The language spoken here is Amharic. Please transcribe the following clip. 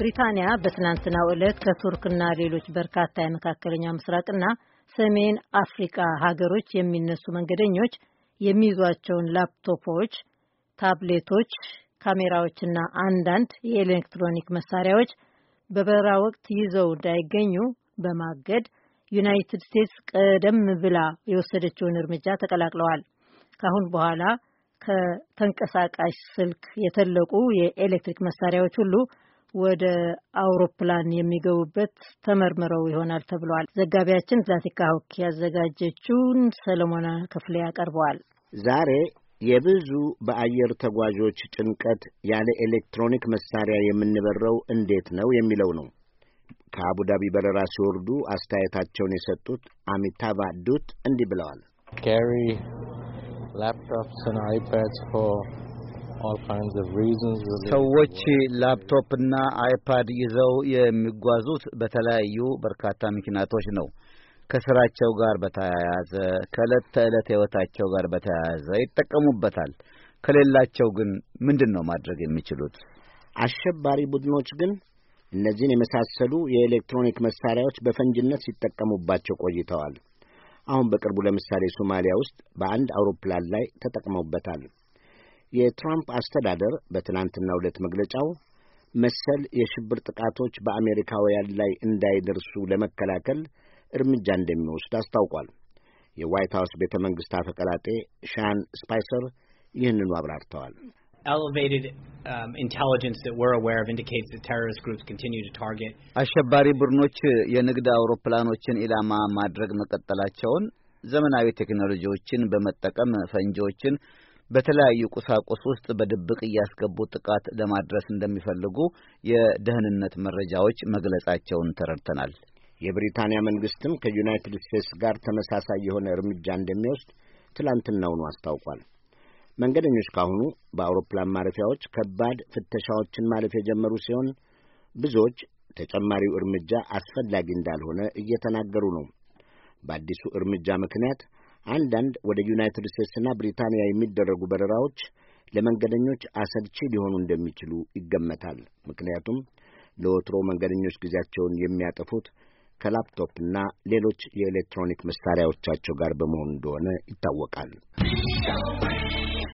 ብሪታንያ በትናንትናው ዕለት ከቱርክና ሌሎች በርካታ የመካከለኛው ምስራቅና ሰሜን አፍሪካ ሀገሮች የሚነሱ መንገደኞች የሚይዟቸውን ላፕቶፖች፣ ታብሌቶች፣ ካሜራዎችና አንዳንድ የኤሌክትሮኒክ መሳሪያዎች በበረራ ወቅት ይዘው እንዳይገኙ በማገድ ዩናይትድ ስቴትስ ቀደም ብላ የወሰደችውን እርምጃ ተቀላቅለዋል። ካአሁን በኋላ ከተንቀሳቃሽ ስልክ የተለቁ የኤሌክትሪክ መሳሪያዎች ሁሉ ወደ አውሮፕላን የሚገቡበት ተመርምረው ይሆናል ተብሏል። ዘጋቢያችን ዛቲካ ሆክ ያዘጋጀችውን ሰለሞና ክፍሌ ያቀርበዋል። ዛሬ የብዙ በአየር ተጓዦች ጭንቀት ያለ ኤሌክትሮኒክ መሳሪያ የምንበረው እንዴት ነው የሚለው ነው። ከአቡዳቢ በረራ ሲወርዱ አስተያየታቸውን የሰጡት አሚታቫ ዱት እንዲህ ብለዋል። laptops and iPads for all kinds of reasons. ሰዎች ላፕቶፕ አይፓድ ይዘው የሚጓዙት በተለያዩ በርካታ ምክንያቶች ነው። ከስራቸው ጋር በተያያዘ ከእለት ተዕለት ህይወታቸው ጋር በተያያዘ ይጠቀሙበታል። ከሌላቸው ግን ምንድን ነው ማድረግ የሚችሉት? አሸባሪ ቡድኖች ግን እነዚህን የመሳሰሉ የኤሌክትሮኒክ መሳሪያዎች በፈንጅነት ሲጠቀሙባቸው ቆይተዋል። አሁን በቅርቡ ለምሳሌ ሶማሊያ ውስጥ በአንድ አውሮፕላን ላይ ተጠቅመውበታል። የትራምፕ አስተዳደር በትናንትናው ዕለት መግለጫው መሰል የሽብር ጥቃቶች በአሜሪካውያን ላይ እንዳይደርሱ ለመከላከል እርምጃ እንደሚወስድ አስታውቋል። የዋይት ሀውስ ቤተ መንግሥት አፈቀላጤ ሻን ስፓይሰር ይህንኑ አብራርተዋል። elevated አሸባሪ ቡድኖች የንግድ አውሮፕላኖችን ኢላማ ማድረግ መቀጠላቸውን ዘመናዊ ቴክኖሎጂዎችን በመጠቀም ፈንጂዎችን በተለያዩ ቁሳቁስ ውስጥ በድብቅ እያስገቡ ጥቃት ለማድረስ እንደሚፈልጉ የደህንነት መረጃዎች መግለጻቸውን ተረድተናል። የብሪታንያ መንግስትም ከዩናይትድ ስቴትስ ጋር ተመሳሳይ የሆነ እርምጃ እንደሚወስድ ትላንትናውኑ አስታውቋል። መንገደኞች ካሁኑ በአውሮፕላን ማረፊያዎች ከባድ ፍተሻዎችን ማለፍ የጀመሩ ሲሆን ብዙዎች ተጨማሪው እርምጃ አስፈላጊ እንዳልሆነ እየተናገሩ ነው። በአዲሱ እርምጃ ምክንያት አንዳንድ ወደ ዩናይትድ ስቴትስና ብሪታንያ የሚደረጉ በረራዎች ለመንገደኞች አሰልቺ ሊሆኑ እንደሚችሉ ይገመታል። ምክንያቱም ለወትሮ መንገደኞች ጊዜያቸውን የሚያጠፉት ከላፕቶፕና ሌሎች የኤሌክትሮኒክ መሳሪያዎቻቸው ጋር በመሆኑ እንደሆነ ይታወቃል።